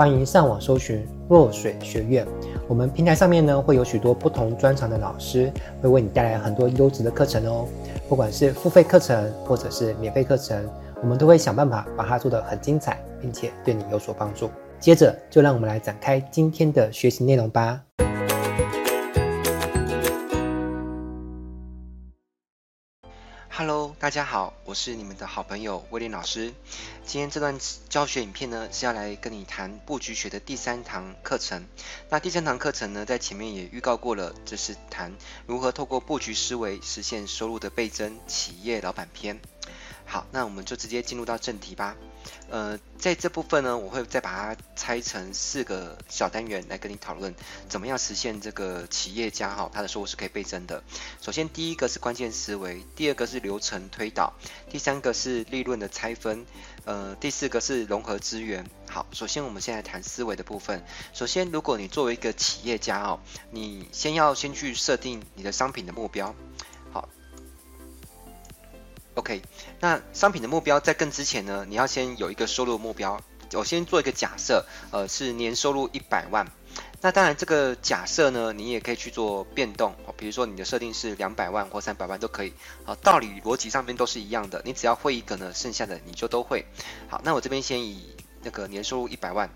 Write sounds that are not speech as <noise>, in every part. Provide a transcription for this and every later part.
歡迎上網搜尋若水學院，我們平台上面呢會有許多不同專長的老師，會為你帶來很多優質的課程哦。不管是付費課程或者是免費課程，我們都會想辦法把它做得很精彩，並且對你有所幫助。接着就讓我們來展開今天的學習內容吧。大家好，我是你們的好朋友威廉老師。今天這段教學影片呢，是要來跟你談布局學的第三堂課程。那第三堂課程呢，在前面也預告過了，這是談如何透過布局思維實現收入的倍增。企業老闆篇。好，那我們就直接進入到正題吧。呃，在這部分呢，我會再把它拆成四個小單元來跟你討論，怎麼樣實現這個企業家哈，他的收入是可以倍增的。首先，第一個是關鍵思維，第二個是流程推導，第三個是利潤的拆分，呃，第四個是融合資源。好，首先我們現在來談思維的部分。首先，如果你作為一個企業家哦，你先要先去設定你的商品的目標。OK，那商品的目標在更之前呢，你要先有一個收入的目標。我先做一個假設，呃，是年收入一百萬。那當然這個假設呢，你也可以去做變動，比如說你的設定是兩百萬或三百萬都可以。好，道理邏輯上面都是一樣的，你只要會一個呢，剩下的你就都會。好，那我這邊先以那個年收入一百萬。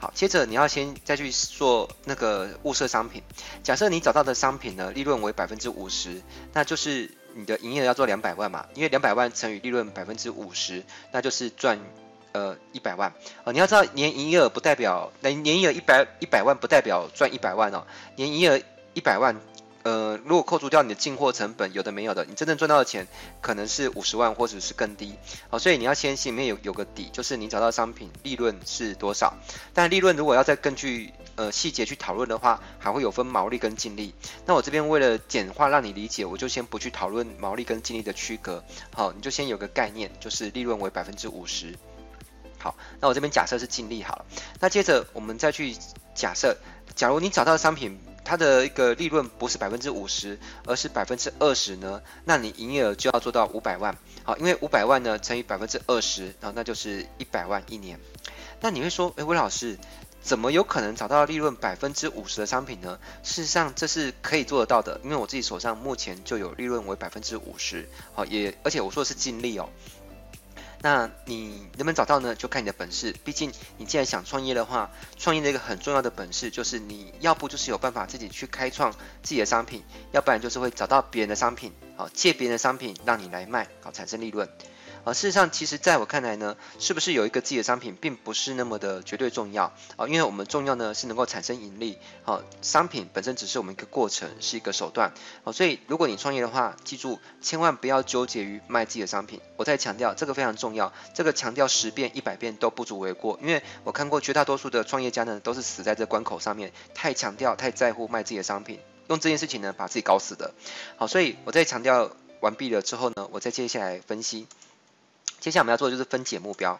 好，接着你要先再去做那個物色商品。假設你找到的商品呢，利潤為百分之五十，那就是。你的營業額要做兩百萬嘛，因為兩百萬乘以利潤百分之五十，那就是賺，呃一百萬呃，你要知道年營業額不代表，那年營業額一百一百萬不代表賺一百萬哦，年營業額一百萬。呃，如果扣除掉你的進貨成本，有的沒有的，你真正賺到的錢可能是五十萬或者是更低。好，所以你要先心裡面有有個底，就是你找到商品利潤是多少。但利潤如果要再根據呃細節去討論的話，還會有分毛利跟淨利。那我這邊為了簡化讓你理解，我就先不去討論毛利跟淨利的區隔。好，你就先有個概念，就是利潤為百分之五十。好，那我這邊假設是淨利。好了，那接着我們再去假設，假如你找到的商品。它的一個利潤不是百分之五十，而是百分之二十呢，那你營業額就要做到五百萬，好，因為五百萬呢乘以百分之二十，然後那就是一百萬一年。那你會說，誒，魏老師，怎麼有可能找到利潤百分之五十的商品呢？事實上，這是可以做得到的，因為我自己手上目前就有利潤為百分之五十，好，也而且我說的是淨利哦。那你能不能找到呢？就看你的本事。畢竟你既然想創業的話，創業的一個很重要的本事就是，你要不就是有辦法自己去開創自己的商品，要不然就是會找到別人的商品，好，借別人的商品讓你來賣，好，產生利潤。而、啊、事實上，其實在我看來呢，是不是有一個自己的商品，並不是那麼的絕對重要啊。因為我們重要呢，是能夠產生盈利。好、啊，商品本身只是我們一個過程，是一個手段。好、啊，所以如果你創業的話，記住千萬不要糾結於賣自己的商品。我再強調，這個非常重要，這個強調十遍、一百遍都不足為過。因為我看過絕大多數的創業家呢，都是死在這關口上面，太強調、太在乎賣自己的商品，用這件事情呢把自己搞死的。好，所以我再強調完畢了之後呢，我再接下來分析。接下來我們要做的就是分解目標。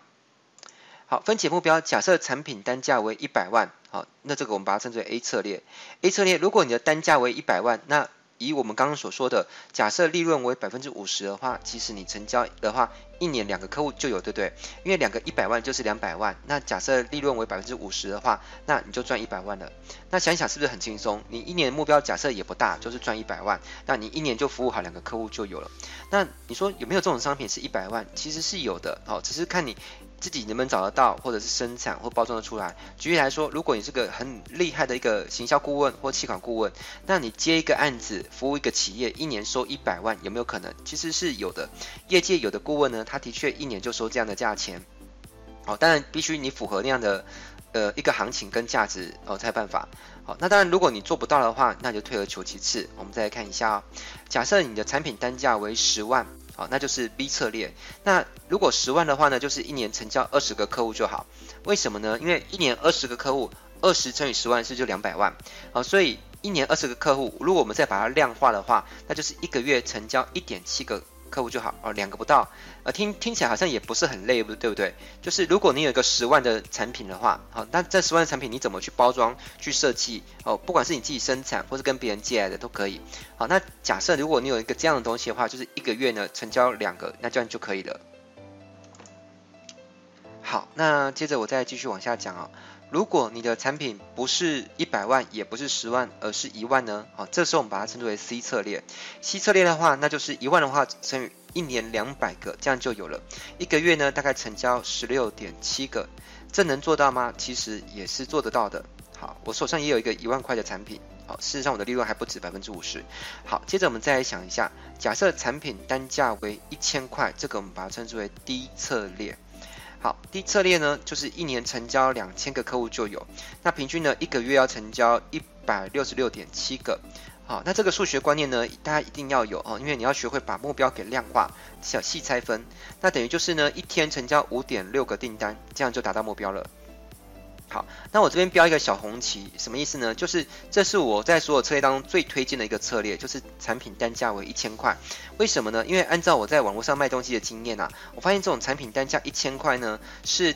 好，分解目標，假設產品單價為一百萬，好，那這個我們把它稱之為 A 策略。A 策略，如果你的單價為一百萬，那以我們剛剛所說的，假設利潤為百分之五十的話，其實你成交的話，一年兩個客戶就有，對不對？因為兩個一百萬就是兩百萬，那假設利潤為百分之五十的話，那你就賺一百萬了。那想一想是不是很輕鬆？你一年的目標假設也不大，就是賺一百萬，那你一年就服務好兩個客戶就有了。那你說有沒有這種商品是一百萬？其實是有的哦，只是看你。自己能不能找得到，或者是生產或包裝得出來？舉例來說，如果你是個很厲害的一個行銷顧問或企管顧問，那你接一個案子，服務一個企業，一年收一百萬，有沒有可能？其實是有的，業界有的顧問呢，他的確一年就收這樣的價錢。好、哦，當然必須你符合那樣的，呃，一個行情跟價值哦，才有辦法。好、哦，那當然如果你做不到的話，那就退而求其次。我們再來看一下、哦，假設你的產品單價為十萬。好，那就是 B 策略。那如果十萬的話呢，就是一年成交二十個客戶就好。為什麼呢？因為一年二十個客戶，二十乘以十萬是不是就兩百萬。好，所以一年二十個客戶，如果我們再把它量化的話，那就是一個月成交一點七個。客戶就好哦，兩個不到，啊、呃，聽聽起來好像也不是很累，對不對？就是如果你有一個十萬的產品的話，好、哦，那這十萬的產品你怎麼去包裝、去設計？哦，不管是你自己生產或是跟別人借來的都可以。好、哦，那假設如果你有一個這樣的東西的話，就是一個月呢成交兩個，那這樣就可以了。好，那接着我再繼續往下講啊、哦。如果你的產品不是一百萬，也不是十萬，而是一萬呢？好，這時候我們把它稱之為 C 策略。C 策略的話，那就是一萬的話，乘以一年兩百個，這樣就有了。一個月呢，大概成交十六點七個，這能做到嗎？其實也是做得到的。好，我手上也有一個一萬塊的產品。好，事實上我的利潤還不止百分之五十。好，接着我們再來想一下，假設產品單價為一千塊，這個我們把它稱之為 D 策略。好，第一策略呢，就是一年成交兩千個客戶就有。那平均呢，一個月要成交一百六十六點七個。好，那這個數學觀念呢，大家一定要有哦，因為你要學會把目標給量化，小細拆分。那等於就是呢，一天成交五點六個訂單，這樣就達到目標了。好，那我這邊標一個小紅旗，什麼意思呢？就是這是我在所有策略當中最推薦的一個策略，就是產品單價為一千塊。為什麼呢？因為按照我在網絡上賣東西的經驗啊，我發現這種產品單價一千塊呢，是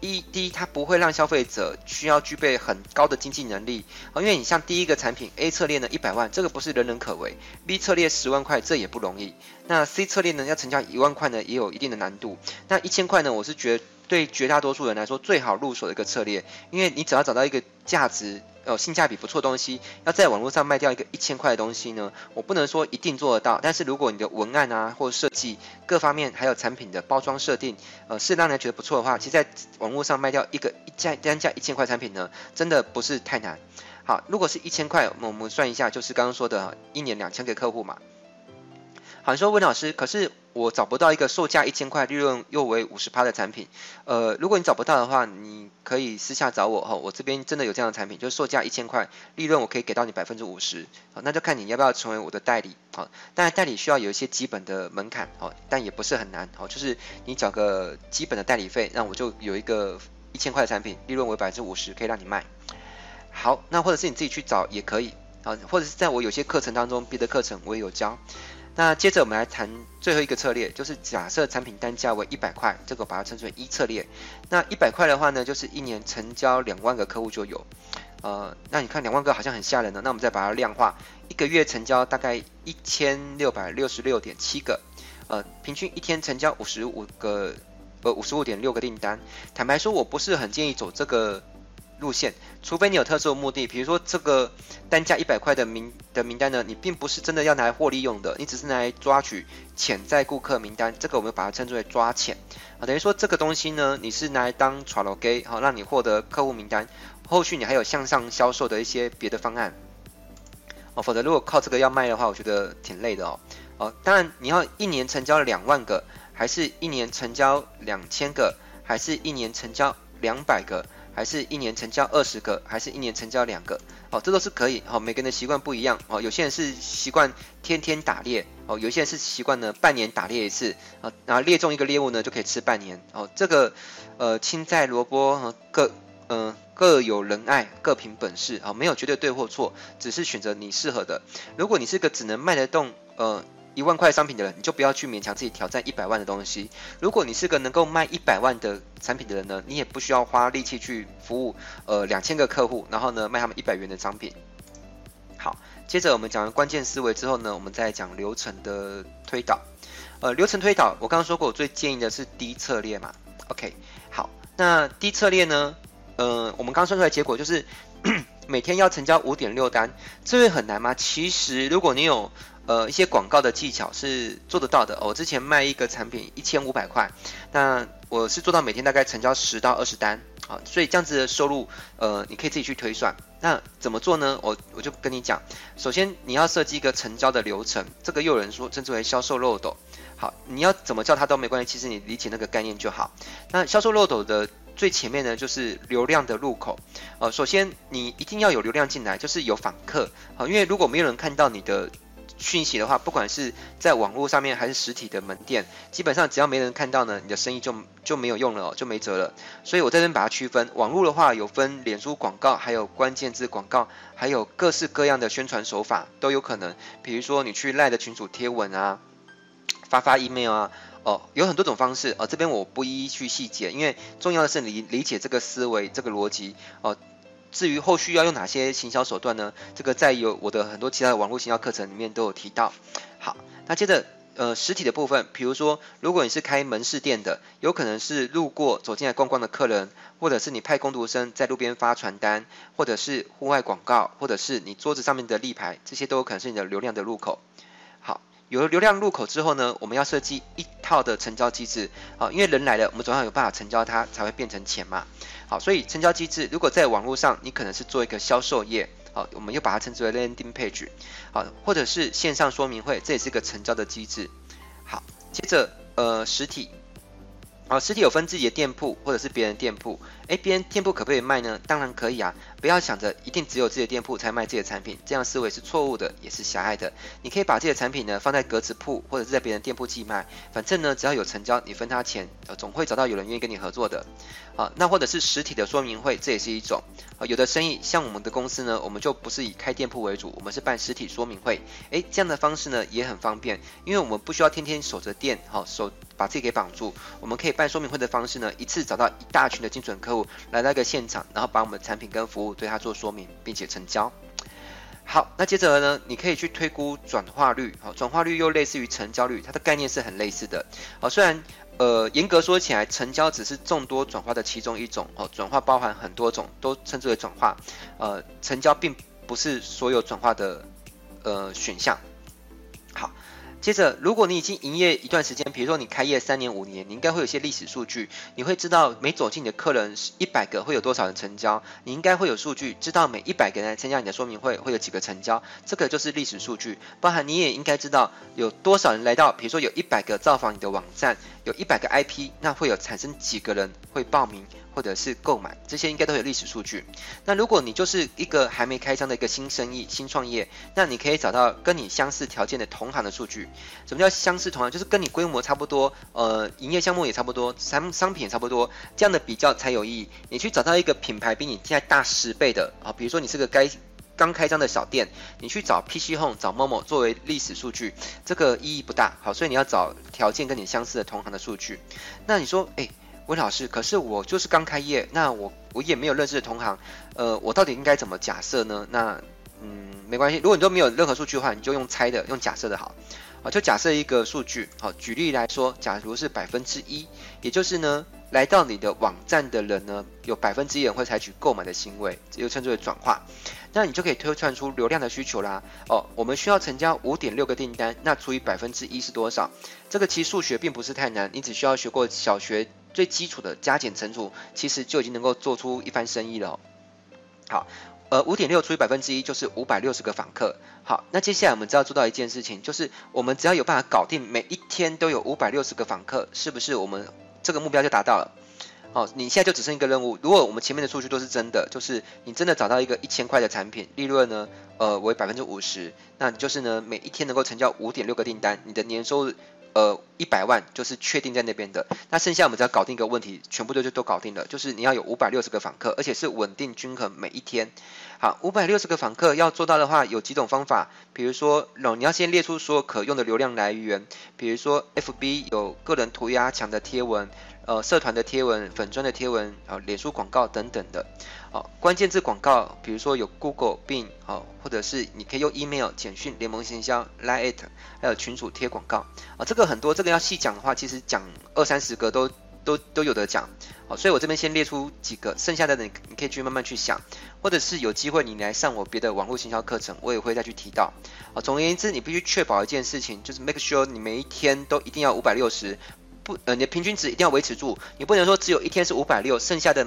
一第一它不會讓消費者需要具備很高的經濟能力，而因為你像第一個產品 A 策略呢一百萬，這個不是人人可為；B 策略十萬塊，這也不容易；那 C 策略呢要成交一萬塊呢也有一定的難度。那一千塊呢，我是覺得。對絕大多數人來說，最好入手的一個策略，因為你只要找到一個價值呃性價比不錯的東西，要在網絡上賣掉一個一千塊的東西呢，我不能說一定做得到，但是如果你的文案啊或設計各方面還有產品的包裝設定呃是讓人覺得不錯的話，其實在網絡上賣掉一個一價單價一千塊產品呢，真的不是太難。好，如果是一千塊，我們算一下，就是剛剛說的一年兩千個客戶嘛。好，你說溫老師，可是我找不到一個售價一千塊、利潤又為五十趴的產品。呃，如果你找不到的話，你可以私下找我、哦、我這邊真的有這樣的產品，就是售價一千塊，利潤我可以給到你百分之五十。那就看你要不要成為我的代理。好、哦，但代理需要有一些基本的門檻。好、哦，但也不是很難。好、哦，就是你找個基本的代理費，那我就有一個一千塊的產品，利潤為百分之五十，可以讓你賣。好，那或者是你自己去找也可以。啊、哦，或者是在我有些課程當中，別的課程我也有教。那接着我們來談最後一個策略，就是假設產品單價為一百塊，這個我把它稱之為一策略。那一百塊的話呢，就是一年成交兩萬個客戶就有，呃，那你看兩萬個好像很嚇人呢，那我們再把它量化，一個月成交大概一千六百六十六點七個，呃，平均一天成交五十五個，呃，五十五點六個訂單。坦白說，我不是很建議走這個。路線，除非你有特殊的目的，比如說這個單價一百塊的名的名單呢，你並不是真的要拿來獲利用的，你只是拿來抓取潛在顧客名單。這個我們把它稱之為抓潛啊，等於說這個東西呢，你是拿來當抓樓基，好讓你獲得客戶名單，後續你還有向上銷售的一些別的方案哦。否則如果靠這個要賣的話，我覺得挺累的哦。哦，當然你要一年成交兩萬個，還是一年成交兩千個，還是一年成交兩百個。還是一年成交二十個，還是一年成交兩個，哦，這都是可以，好、哦，每個人的習慣不一樣，哦，有些人是習慣天天打獵，哦，有些人是習慣呢半年打獵一次，哦，然後獵中一個獵物呢就可以吃半年，哦，這個，呃，青菜蘿蔔各嗯、呃、各有人愛，各憑本事，哦，沒有絕對對或錯，只是選擇你適合的。如果你是個只能賣得動，呃。一萬塊商品的人，你就不要去勉強自己挑戰一百萬的東西。如果你是個能夠賣一百萬的產品的人呢，你也不需要花力氣去服務呃兩千個客戶，然後呢賣他們一百元的商品。好，接着我們講完關鍵思維之後呢，我們再講流程的推導。呃，流程推導我剛剛說過，我最建議的是低策略嘛。OK，好，那低策略呢，呃，我們剛剛算出來結果就是。 <coughs> 每天要成交五點六單，這會很難嗎？其實如果你有呃一些廣告的技巧是做得到的。我之前賣一個產品一千五百塊，那我是做到每天大概成交十到二十單，啊。所以這樣子的收入呃你可以自己去推算。那怎麼做呢？我我就跟你講，首先你要設計一個成交的流程，這個又有人說稱之為銷售漏斗，好，你要怎麼叫它都沒關係，其實你理解那個概念就好。那銷售漏斗的最前面呢，就是流量的入口，呃，首先你一定要有流量進來，就是有訪客，好，因為如果沒有人看到你的訊息的話，不管是在網絡上面還是實體的門店，基本上只要沒人看到呢，你的生意就就沒有用了，就沒轍了。所以我在這邊把它區分，網絡的話有分臉書廣告，還有關鍵字廣告，還有各式各樣的宣傳手法都有可能，比如說你去賴的群組貼文啊，發發 email 啊。哦，有很多種方式，哦、呃，這邊我不一一去細節，因為重要的是理理解這個思維、這個邏輯。哦、呃，至於後續要用哪些行銷手段呢？這個在有我的很多其他的網絡行銷課程裡面都有提到。好，那接着，呃，實體的部分，比如說，如果你是開門市店的，有可能是路過走進來逛逛的客人，或者是你派工讀生在路邊發傳單，或者是戶外廣告，或者是你桌子上面的立牌，這些都有可能是你的流量的入口。有了流量入口之後呢，我們要設計一套的成交機制啊，因為人來了，我們總要有辦法成交它才會變成錢嘛。好，所以成交機制如果在網絡上，你可能是做一個銷售頁，啊，我們又把它稱之為 landing page，好，或者是線上說明會，這也是一個成交的機制。好，接着呃實體。好，實體有分自己的店鋪或者是別人的店鋪，誒，別人店鋪可不可以賣呢？當然可以啊！不要想着一定只有自己的店鋪才賣自己的產品，這樣思維是錯誤的，也是狹隘的。你可以把自己的產品呢放在格子鋪或者是在別人的店鋪寄賣，反正呢只要有成交，你分他錢，呃，總會找到有人願意跟你合作的。啊，那或者是實體的說明會，這也是一種。啊，有的生意像我們的公司呢，我們就不是以開店鋪為主，我們是辦實體說明會。誒，這樣的方式呢也很方便，因為我們不需要天天守着店，好，哦，守。把自己給綁住，我們可以辦說明會的方式呢，一次找到一大群的精準客戶來到一個現場，然後把我們的產品跟服務對他做說明，並且成交。好，那接着呢，你可以去推估轉化率。好，轉化率又類似於成交率，它的概念是很類似的。好，雖然呃嚴格說起來，成交只是眾多轉化的其中一種。哦，轉化包含很多種，都稱之為轉化。呃，成交並不是所有轉化的呃選項。好。接着，如果你已經營業一段時間，比如說你開業三年、五年，你應該會有一些歷史數據，你會知道每走進你的客人是一百個會有多少人成交，你應該會有數據知道每一百個人來參加你的說明會會有幾個成交，這個就是歷史數據。包含你也應該知道有多少人來到，比如說有一百個造訪你的網站，有一百個 IP，那會有產生幾個人會報名。或者是購買，這些應該都有歷史數據。那如果你就是一個還沒開張的一個新生意、新創業，那你可以找到跟你相似條件的同行的數據。什麼叫相似同行？就是跟你規模差不多，呃，營業項目也差不多，商商品也差不多，這樣的比較才有意義。你去找到一個品牌比你現在大十倍的啊，比如說你是個該剛開張的小店，你去找 PC Home、找 Momo 作為歷史數據，這個意義不大。好，所以你要找條件跟你相似的同行的數據。那你說，誒、欸。問老師，可是我就是剛開業，那我我也沒有認識的同行，呃，我到底應該怎麼假設呢？那嗯，沒關係，如果你都沒有任何數據的話，你就用猜的，用假設的好，啊，就假設一個數據，好，舉例來說，假如是百分之一，也就是呢，來到你的網站的人呢，有百分之一人會採取購買的行為，又稱之為轉化，那你就可以推算出流量的需求啦。哦，我們需要成交五點六個訂單，那除以百分之一是多少？這個其實數學並不是太難，你只需要學過小學。最基礎的加減乘除，其實就已經能夠做出一番生意了哦。好，呃，五點六除以百分之一就是五百六十個訪客。好，那接下來我們只要做到一件事情，就是我們只要有辦法搞定每一天都有五百六十個訪客，是不是我們這個目標就達到了？好，你現在就只剩一個任務。如果我們前面的數據都是真的，就是你真的找到一個一千塊的產品，利潤呢，呃，為百分之五十，那你就是呢，每一天能夠成交五點六個訂單，你的年收入。呃，一百萬就是確定在那邊的，那剩下我們只要搞定一個問題，全部都就都搞定了。就是你要有五百六十個訪客，而且是穩定均衡每一天。好，五百六十個訪客要做到的話，有幾種方法，比如說，你要先列出說可用的流量來源，比如說，FB 有個人塗鴉牆的貼文，呃，社團的貼文，粉專的貼文，呃，臉書廣告等等的。哦，關鍵字廣告，比如說有 Google Bing，哦，或者是你可以用 email 簡訊聯盟行銷 Light，還有群組貼廣告，啊、哦，這個很多，這個要細講的話，其實講二三十個都都都有得講，哦，所以我這邊先列出幾個，剩下的你你可以去慢慢去想，或者是有機會你來上我別的網絡行銷課程，我也會再去提到，哦，總而言之，你必須確保一件事情，就是 make sure 你每一天都一定要五百六十，不，呃，你的平均值一定要維持住，你不能說只有一天是五百六，剩下的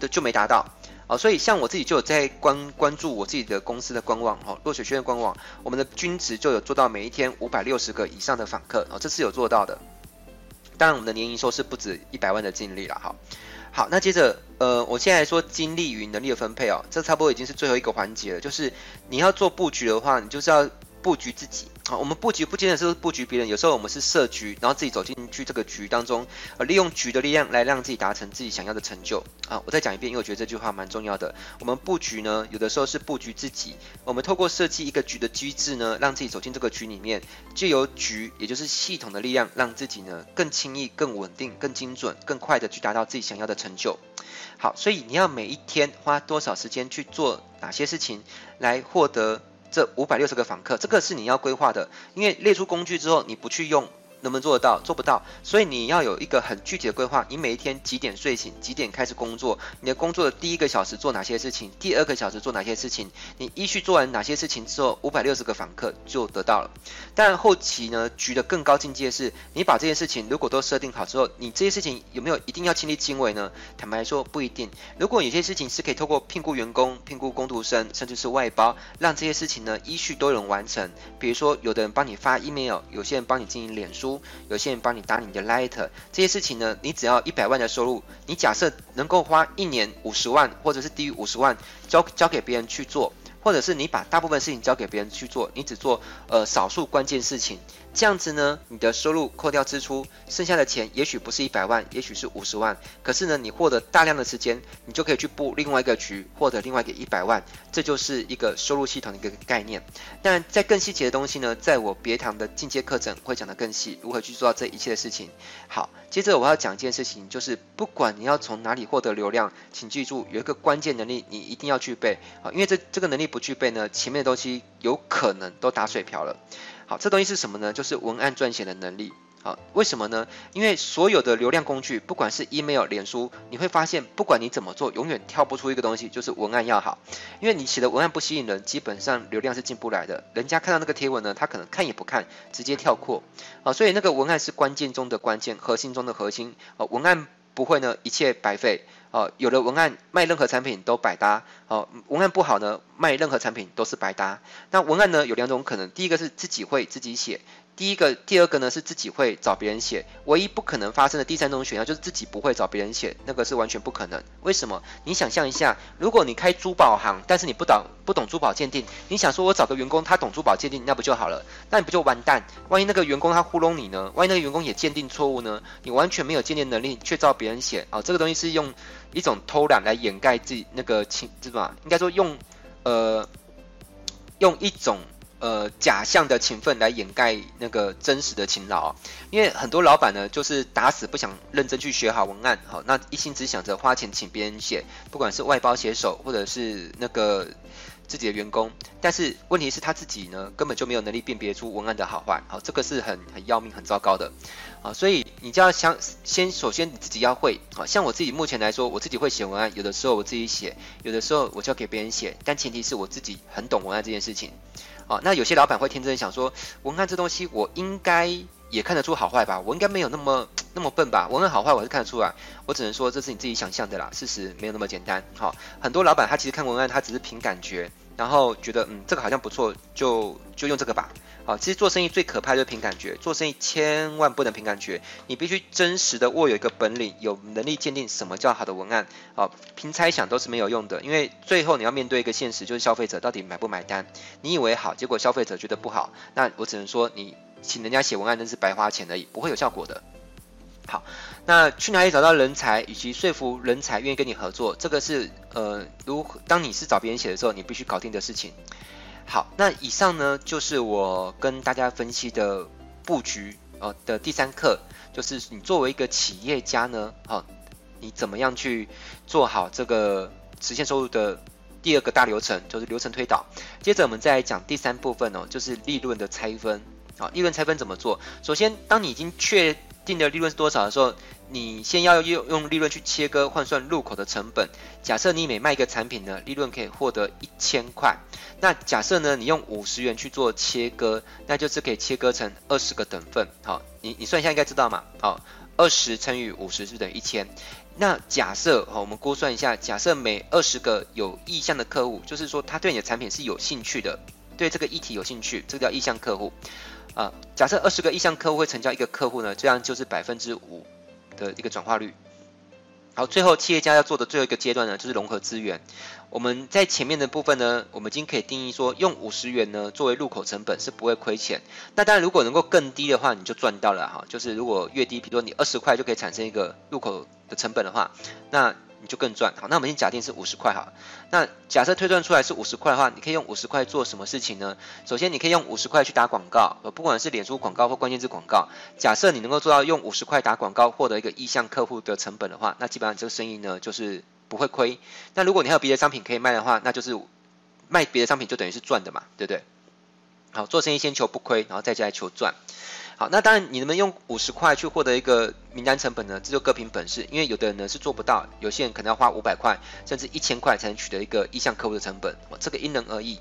都就沒達到。哦，所以像我自己就有在關關注我自己的公司的官網哦，落水軒的官網，我們的均值就有做到每一天五百六十個以上的訪客哦，這是有做到的。當然，我們的年營收是不止一百萬的淨利了。哈、哦。好，那接着，呃，我現在來說精力與能力的分配哦，這差不多已經是最後一個環節了，就是你要做布局的話，你就是要布局自己。好，我們布局不僅僅是布局別人，有時候我們是設局，然後自己走進去這個局當中，呃，利用局的力量來讓自己達成自己想要的成就。啊，我再講一遍，因為我覺得這句話蠻重要的。我們布局呢，有的時候是布局自己，我們透過設計一個局的機制呢，讓自己走進這個局裡面，借由局，也就是系統的力量，讓自己呢更輕易、更穩定、更精準、更快地去達到自己想要的成就。好，所以你要每一天花多少時間去做哪些事情，來獲得。這五百六十個訪客，這個是你要規劃的，因為列出工具之後，你不去用。能不能做得到？做不到，所以你要有一個很具體的規劃。你每一天幾點睡醒？幾點開始工作？你的工作的第一個小時做哪些事情？第二個小時做哪些事情？你依序做完哪些事情之後，五百六十個訪客就得到了。但後期呢，局的更高境界是，你把這些事情如果都設定好之後，你這些事情有沒有一定要親力親為呢？坦白說，不一定。如果有些事情是可以透過聘雇員工、聘雇工讀生，甚至是外包，讓這些事情呢依序都能完成。比如說，有的人幫你發 email，有些人幫你進行臉書。有些人幫你打你的 lighter 這些事情呢，你只要一百萬的收入，你假設能夠花一年五十萬，或者是低於五十萬交、交交給別人去做。或者是你把大部分事情交給別人去做，你只做呃少數關鍵事情，這樣子呢，你的收入扣掉支出，剩下的錢也許不是一百萬，也許是五十萬，可是呢，你獲得大量的時間，你就可以去布另外一個局，獲得另外一個一百萬，這就是一個收入系統的一個概念。但在更細節的東西呢，在我別堂的進階課程會講得更細，如何去做到這一切的事情。好，接着我要講一件事情，就是不管你要從哪裡獲得流量，請記住有一個關鍵能力你一定要具備啊，因為這這個能力。不具備呢，前面的東西有可能都打水漂了。好，這東西是什麼呢？就是文案撰寫的能力。好，為什麼呢？因為所有的流量工具，不管是 email、臉書，你會發現，不管你怎麼做，永遠跳不出一個東西，就是文案要好。因為你寫的文案不吸引人，基本上流量是進不來的。人家看到那個貼文呢，他可能看也不看，直接跳過。啊，所以那個文案是關鍵中的關鍵，核心中的核心。啊，文案。不會呢，一切白費哦。有的文案賣任何產品都百搭哦，文案不好呢，賣任何產品都是白搭。那文案呢，有兩種可能，第一個是自己會自己寫。第一個，第二個呢是自己會找別人寫，唯一不可能發生的第三種選項就是自己不會找別人寫，那個是完全不可能。為什麼？你想象一下，如果你開珠寶行，但是你不懂不懂珠寶鑑定，你想說我找個員工他懂珠寶鑑定，那不就好了？那你不就完蛋？萬一那個員工他糊弄你呢？萬一那個員工也鑑定錯誤呢？你完全沒有鑑定能力卻照別人寫哦，這個東西是用一種偷懶來掩蓋自己那個情，這嘛應該說用呃用一種。呃，假象的勤奮來掩蓋那個真實的勤勞哦，因為很多老闆呢，就是打死不想認真去學好文案，好，那一心只想着花錢請別人寫，不管是外包寫手，或者是那個自己的員工，但是問題是他自己呢，根本就沒有能力辨別出文案的好壞，好，這個是很很要命、很糟糕的，啊，所以你就要想先，首先你自己要會，啊，像我自己目前來說，我自己會寫文案，有的時候我自己寫，有的時候我就要給別人寫，但前提是我自己很懂文案這件事情。哦，那有些老闆會天真想說，文案這東西我應該也看得出好壞吧，我應該沒有那麼那麼笨吧，文案好壞我是看得出來，我只能說這是你自己想象的啦，事實沒有那麼簡單。哈、哦，很多老闆他其實看文案，他只是憑感覺。然後覺得嗯，這個好像不錯，就就用這個吧。好、啊，其實做生意最可怕的就是憑感覺，做生意千萬不能憑感覺，你必須真實的握有一個本領，有能力鑒定什麼叫好的文案。好、啊，憑猜想都是沒有用的，因為最後你要面對一個現實，就是消費者到底買不買單。你以為好，結果消費者覺得不好，那我只能說你請人家寫文案那是白花錢而已，不會有效果的。好，那去哪裡找到人才，以及說服人才願意跟你合作，這個是呃，如當你是找別人寫的時候，你必須搞定的事情。好，那以上呢，就是我跟大家分析的布局呃的第三課，就是你作為一個企業家呢，好、呃，你怎麼樣去做好這個實現收入的第二個大流程，就是流程推導。接着我們再來講第三部分哦，就是利潤的拆分。好、呃，利潤拆分怎麼做？首先，當你已經確定的利潤是多少的時候，你先要用利潤去切割換算入口的成本。假設你每賣一個產品呢，利潤可以獲得一千塊。那假設呢，你用五十元去做切割，那就是可以切割成二十個等份。好，你你算一下應該知道嘛？好，二十乘以五十是不是等於一千？那假設好，我們估算一下，假設每二十個有意向的客戶，就是說他對你的產品是有興趣的，對這個議題有興趣，這個叫意向客戶。啊，假設二十個意向客戶會成交一個客戶呢，這樣就是百分之五的一個轉化率。好，最後企業家要做的最後一個階段呢，就是融合資源。我們在前面的部分呢，我們已經可以定義說，用五十元呢作為入口成本是不會虧錢。那當然，如果能夠更低的話，你就賺到了哈。就是如果越低，比如說你二十塊就可以產生一個入口的成本的話，那。你就更賺。好，那我們先假定是五十塊哈。那假設推算出來是五十塊的話，你可以用五十塊做什麼事情呢？首先，你可以用五十塊去打廣告，不管是臉書廣告或關鍵字廣告。假設你能夠做到用五十塊打廣告獲得一個意向客戶的成本的話，那基本上這個生意呢就是不會虧。那如果你還有別的商品可以賣的話，那就是賣別的商品就等於是賺的嘛，對不對？好，做生意先求不虧，然後再來求賺。好，那當然，你能不能用五十塊去獲得一個名單成本呢？這就各憑本事，因為有的人呢是做不到，有些人可能要花五百塊，甚至一千塊才能取得一個意向客戶的成本，哇，這個因人而異。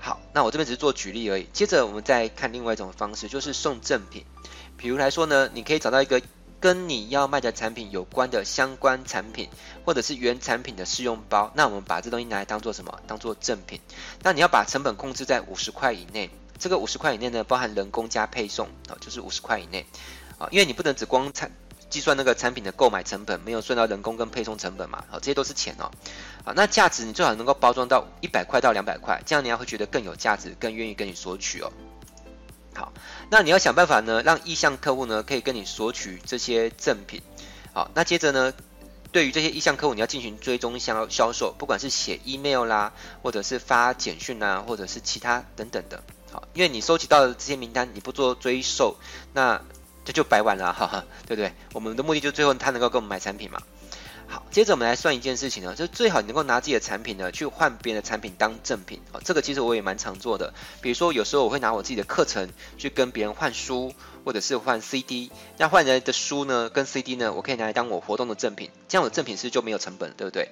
好，那我這邊只是做舉例而已。接着，我們再看另外一種方式，就是送贈品。比如來說呢，你可以找到一個跟你要賣的產品有關的相關產品，或者是原產品的試用包，那我們把這東西拿來當做什麼？當做贈品。那你要把成本控制在五十塊以內。這個五十塊以內呢，包含人工加配送，哦、就是五十塊以內啊，哦，因為你不能只光計算那個產品的購買成本，沒有算到人工跟配送成本嘛，哦，這些都是錢哦，啊，哦，那價值你最好能夠包裝到一百塊到兩百塊，這樣你還會覺得更有價值，更願意跟你索取哦。好，那你要想辦法呢，讓意向客戶呢可以跟你索取這些贈品，好，那接着呢，對於這些意向客戶，你要進行追蹤銷銷售，不管是寫 email 啦，或者是發簡訊啊，或者是其他等等的。好，因為你收集到的這些名單你不做追售，那這就白玩了哈，哈，對不對？我們的目的就是最後他能夠給我們買產品嘛。好，接着我們來算一件事情呢，就最好你能夠拿自己的產品呢去換別人的產品當贈品啊。這個其實我也蠻常做的，比如說有時候我會拿我自己的課程去跟別人換書或者是換 CD，那換來的書呢跟 CD 呢，我可以拿來當我活動的贈品，這樣我的贈品是不是就沒有成本了，對不對？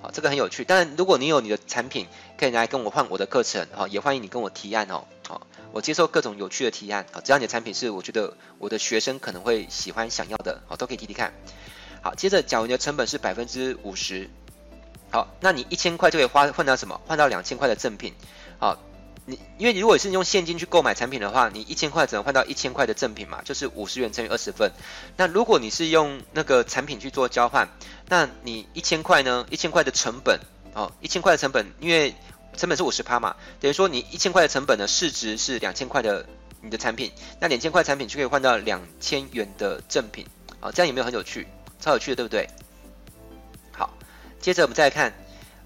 好，這個很有趣。當然，如果你有你的產品可以拿來跟我換我的課程，好，也歡迎你跟我提案哦。我接受各種有趣的提案啊，只要你的產品是我覺得我的學生可能會喜歡想要的，好，都可以提提看。好，接着假如你的成本是百分之五十，好，那你一千塊就可以換換到什麼？換到兩千塊的贈品，好，你因為如果你是用現金去購買產品的話，你一千塊只能換到一千塊的贈品嘛，就是五十元乘以二十份。那如果你是用那個產品去做交換，那你一千塊呢？一千塊的成本，哦，一千塊的成本，因為。成本是五十趴嘛，等於說你一千塊的成本呢，市值是兩千塊的你的產品，那兩千塊產品就可以換到兩千元的贈品。好，這樣有沒有很有趣？超有趣的，對不對？好，接着我們再來看，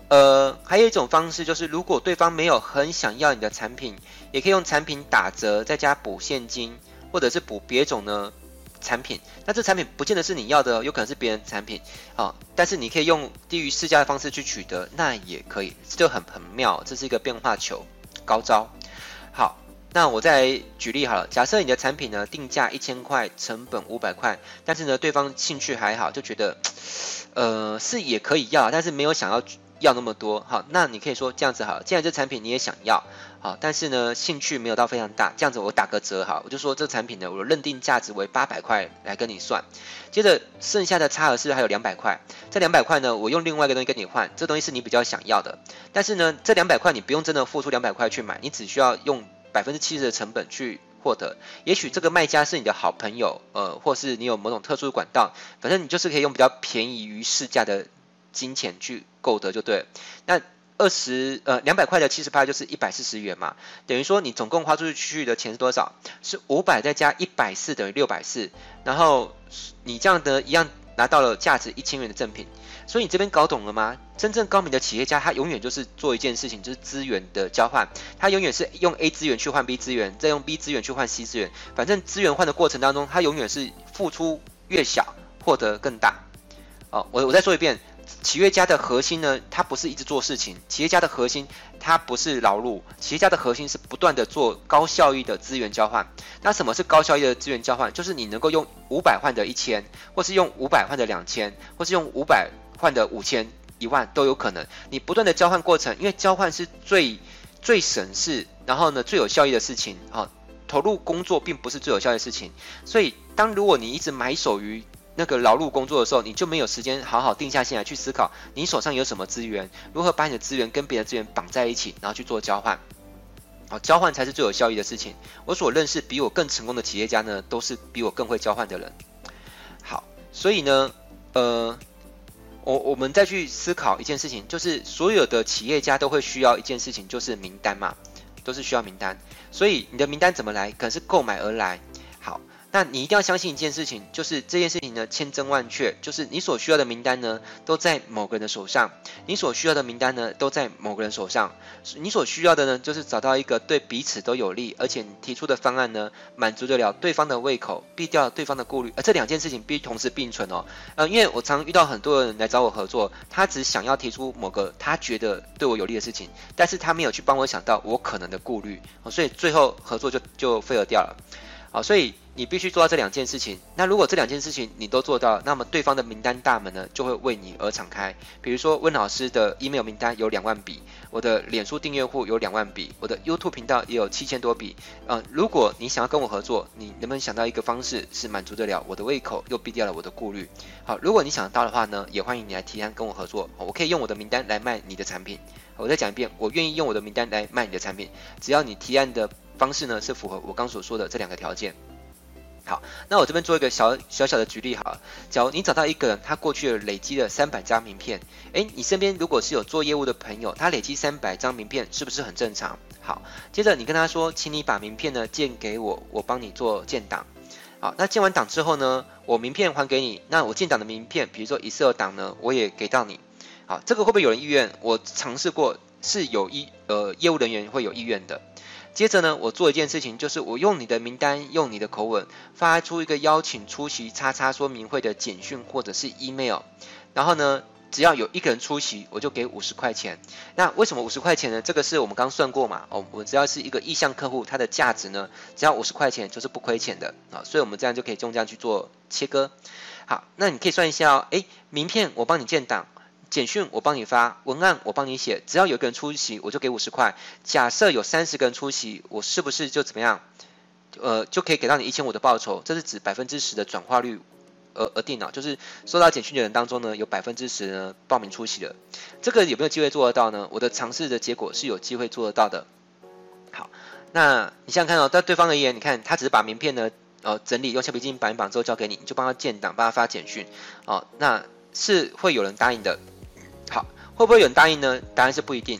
呃，還有一種方式就是，如果對方沒有很想要你的產品，也可以用產品打折再加補現金，或者是補別種呢。產品，那這產品不見得是你要的，有可能是別人產品啊、哦。但是你可以用低於市價的方式去取得，那也可以，這就很，很妙，這是一個變化球，高招。好，那我再舉例好了，假設你的產品呢定價一千塊，成本五百塊，但是呢對方興趣還好，就覺得，呃是也可以要，但是沒有想要。要那麼多，好，那你可以說，這樣子好了，既然這產品你也想要，好，但是呢，興趣沒有到非常大，這樣子我打個折哈，我就說這產品呢，我認定價值為八百塊來跟你算，接着剩下的差額是還有兩百塊，這兩百塊呢，我用另外一個東西跟你換，這東西是你比較想要的，但是呢，這兩百塊你不用真的付出兩百塊去買，你只需要用百分之七十的成本去獲得，也許這個賣家是你的好朋友，呃，或是你有某種特殊的管道，反正你就是可以用比較便宜於市價的，金錢去購得就對了。那二十呃兩百塊的七十趴就是一百四十元嘛，等於說你總共花出去的錢是多少？是五百再加一百四等於六百四。然後你這樣的一樣拿到了價值一千元的贈品。所以你這邊搞懂了嗎？真正高明的企業家，他永遠就是做一件事情，就是資源的交換。他永遠是用 A 資源去換 B 資源，再用 B 資源去換 C 資源。反正資源換的過程當中，他永遠是付出越小，獲得更大。哦，我我再說一遍。企業家的核心呢，他不是一直做事情。企業家的核心，他不是勞碌。企業家的核心是不斷的做高效益的資源交換。那什麼是高效益的資源交換？就是你能夠用五百換得一千，或是用五百換得兩千，或是用五百換得五千、一萬 5000, 10000, 都有可能。你不斷的交換過程，因為交換是最最省事，然後呢最有效益的事情啊、哦。投入工作並不是最有效益的事情。所以，當如果你一直埋首於那個勞碌工作的時候，你就沒有時間好好定下心來去思考，你手上有什麼資源，如何把你的資源跟別的資源綁在一起，然後去做交換。好，交換才是最有效益的事情。我所認識比我更成功的企業家呢，都是比我更會交換的人。好，所以呢，呃，我我們再去思考一件事情，就是所有的企業家都會需要一件事情，就是名單嘛，都是需要名單。所以你的名單怎麼來？可能是購買而來。好。那你一定要相信一件事情，就是這件事情呢，千真萬確，就是你所需要的名單呢，都在某個人的手上，你所需要的名單呢，都在某個人手上，你所需要的呢，就是找到一個對彼此都有利，而且你提出的方案呢，滿足得了對方的胃口，避掉對方的顧慮，而、呃、這兩件事情必須同時並存哦。呃，因為我常遇到很多人來找我合作，他只想要提出某個他覺得對我有利的事情，但是他沒有去幫我想到我可能的顧慮，哦、所以最後合作就就廢了掉了，好、哦，所以。你必須做到這兩件事情。那如果這兩件事情你都做到，那麼對方的名單大門呢就會為你而敞開。比如說，溫老師的 email 名單有兩萬筆，我的臉書訂閱戶有兩萬筆，我的 YouTube 頻道也有七千多筆。嗯、呃，如果你想要跟我合作，你能不能想到一個方式是滿足得了我的胃口，又避掉了我的顧慮？好，如果你想得到的話呢，也歡迎你來提案跟我合作。我可以用我的名單來賣你的產品。好，我再講一遍，我願意用我的名單來賣你的產品，只要你提案的方式呢是符合我剛所說的這兩個條件。好，那我這邊做一個小小小的舉例好了。假如你找到一個人，他過去累積了三百張名片，哎、欸，你身邊如果是有做業務的朋友，他累積三百張名片是不是很正常？好，接着你跟他說，請你把名片呢建給我，我幫你做建檔。好，那建完檔之後呢，我名片還給你，那我建檔的名片，比如說一式二檔呢，我也給到你。好，這個會不會有人意願？我嘗試過，是有意呃業務人員會有意願的。接着呢，我做一件事情，就是我用你的名單，用你的口吻發出一個邀請出席叉叉說明會的簡訊或者是 email，然後呢，只要有一個人出席，我就給五十塊錢。那為什麼五十塊錢呢？這個是我們剛算過嘛？哦，我只要是一個意向客戶，它的價值呢，只要五十塊錢就是不虧錢的啊，哦，所以我們這樣就可以中間去做切割。好，那你可以算一下哦，誒，名片我幫你建檔。簡訊我幫你發，文案我幫你寫，只要有一個人出席，我就給五十塊。假設有三十個人出席，我是不是就怎麼樣？呃，就可以給到你一千五的報酬？這是指百分之十的轉化率而，而而定了，就是收到簡訊的人當中呢，有百分之十呢報名出席了。這個有沒有機會做得到呢？我的嘗試的結果是有機會做得到的。好，那你想想看哦，在對方而言，你看他只是把名片呢，呃，整理用橡皮筋綁一綁之後交給你，你就幫他建檔，幫他發簡訊，哦、呃，那是會有人答應的。好，會不會有人答應呢？答案是不一定，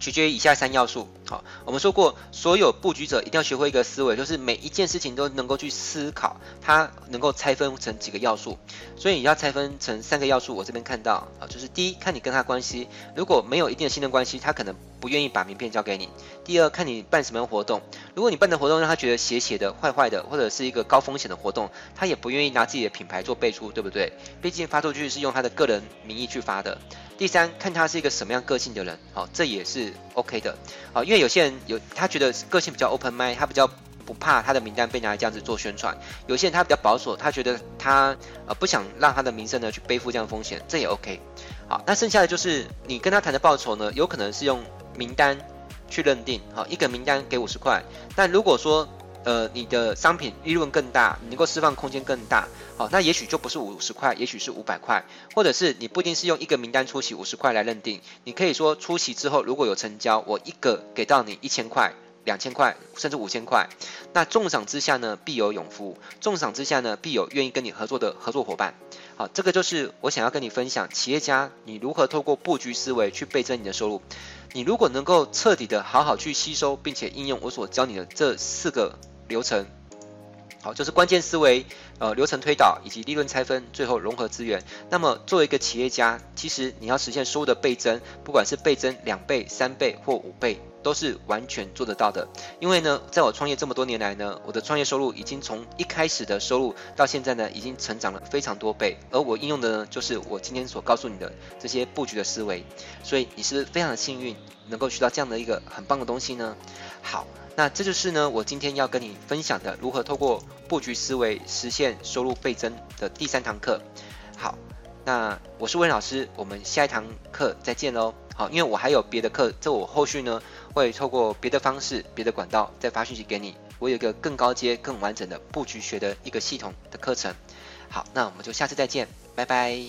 取決於以下三要素。好，我們說過，所有布局者一定要學會一個思維，就是每一件事情都能夠去思考，他能夠拆分成幾個要素。所以你要拆分成三個要素。我這邊看到啊，就是第一，看你跟他關係，如果沒有一定的信任關係，他可能。不願意把名片交給你。第二，看你辦什麼樣活動。如果你辦的活動讓他覺得邪邪的、壞壞的，或者是一個高風險的活動，他也不願意拿自己的品牌做背書，對不對？畢竟發出去是用他的個人名義去發的。第三，看他是一個什麼樣個性的人。好、哦，這也是 OK 的。好、哦，因為有些人有他覺得個性比較 open mind，他比較不怕他的名單被拿來這樣子做宣傳。有些人他比較保守，他覺得他呃不想讓他的名聲呢去背負這樣的風險，這也 OK。好、哦，那剩下的就是你跟他談的報酬呢，有可能是用。名單去認定，好，一個名單給五十塊。但如果說，呃，你的商品利潤更大，你能夠釋放空間更大，好，那也許就不是五十塊，也許是五百塊，或者是你不一定是用一個名單出席五十塊來認定，你可以說出席之後如果有成交，我一個給到你一千塊。兩千塊甚至五千塊，那重賞之下呢，必有勇夫；重賞之下呢，必有願意跟你合作的合作夥伴。好，這個就是我想要跟你分享，企業家你如何透過佈局思維去倍增你的收入。你如果能夠徹底的好好去吸收，並且應用我所教你的這四個流程。好，就是關鍵思維、呃流程推導以及利潤拆分，最後融合資源。那麼作為一個企業家，其實你要實現收入的倍增，不管是倍增兩倍、三倍或五倍，都是完全做得到的。因為呢，在我創業這麼多年來呢，我的創業收入已經從一開始的收入到現在呢，已經成長了非常多倍。而我應用的呢，就是我今天所告訴你的這些布局的思維。所以你是，是非常的幸運能夠學到這樣的一個很棒的東西呢。好，那這就是呢，我今天要跟你分享的如何透過佈局思維實現收入倍增的第三堂課。好，那我是溫老師，我們下一堂課再見嘍。好，因為我還有別的課，這我後續呢會透過別的方式、別的管道再發訊息給你。我有一個更高階、更完整的佈局學的一個系統的課程。好，那我們就下次再見，拜拜。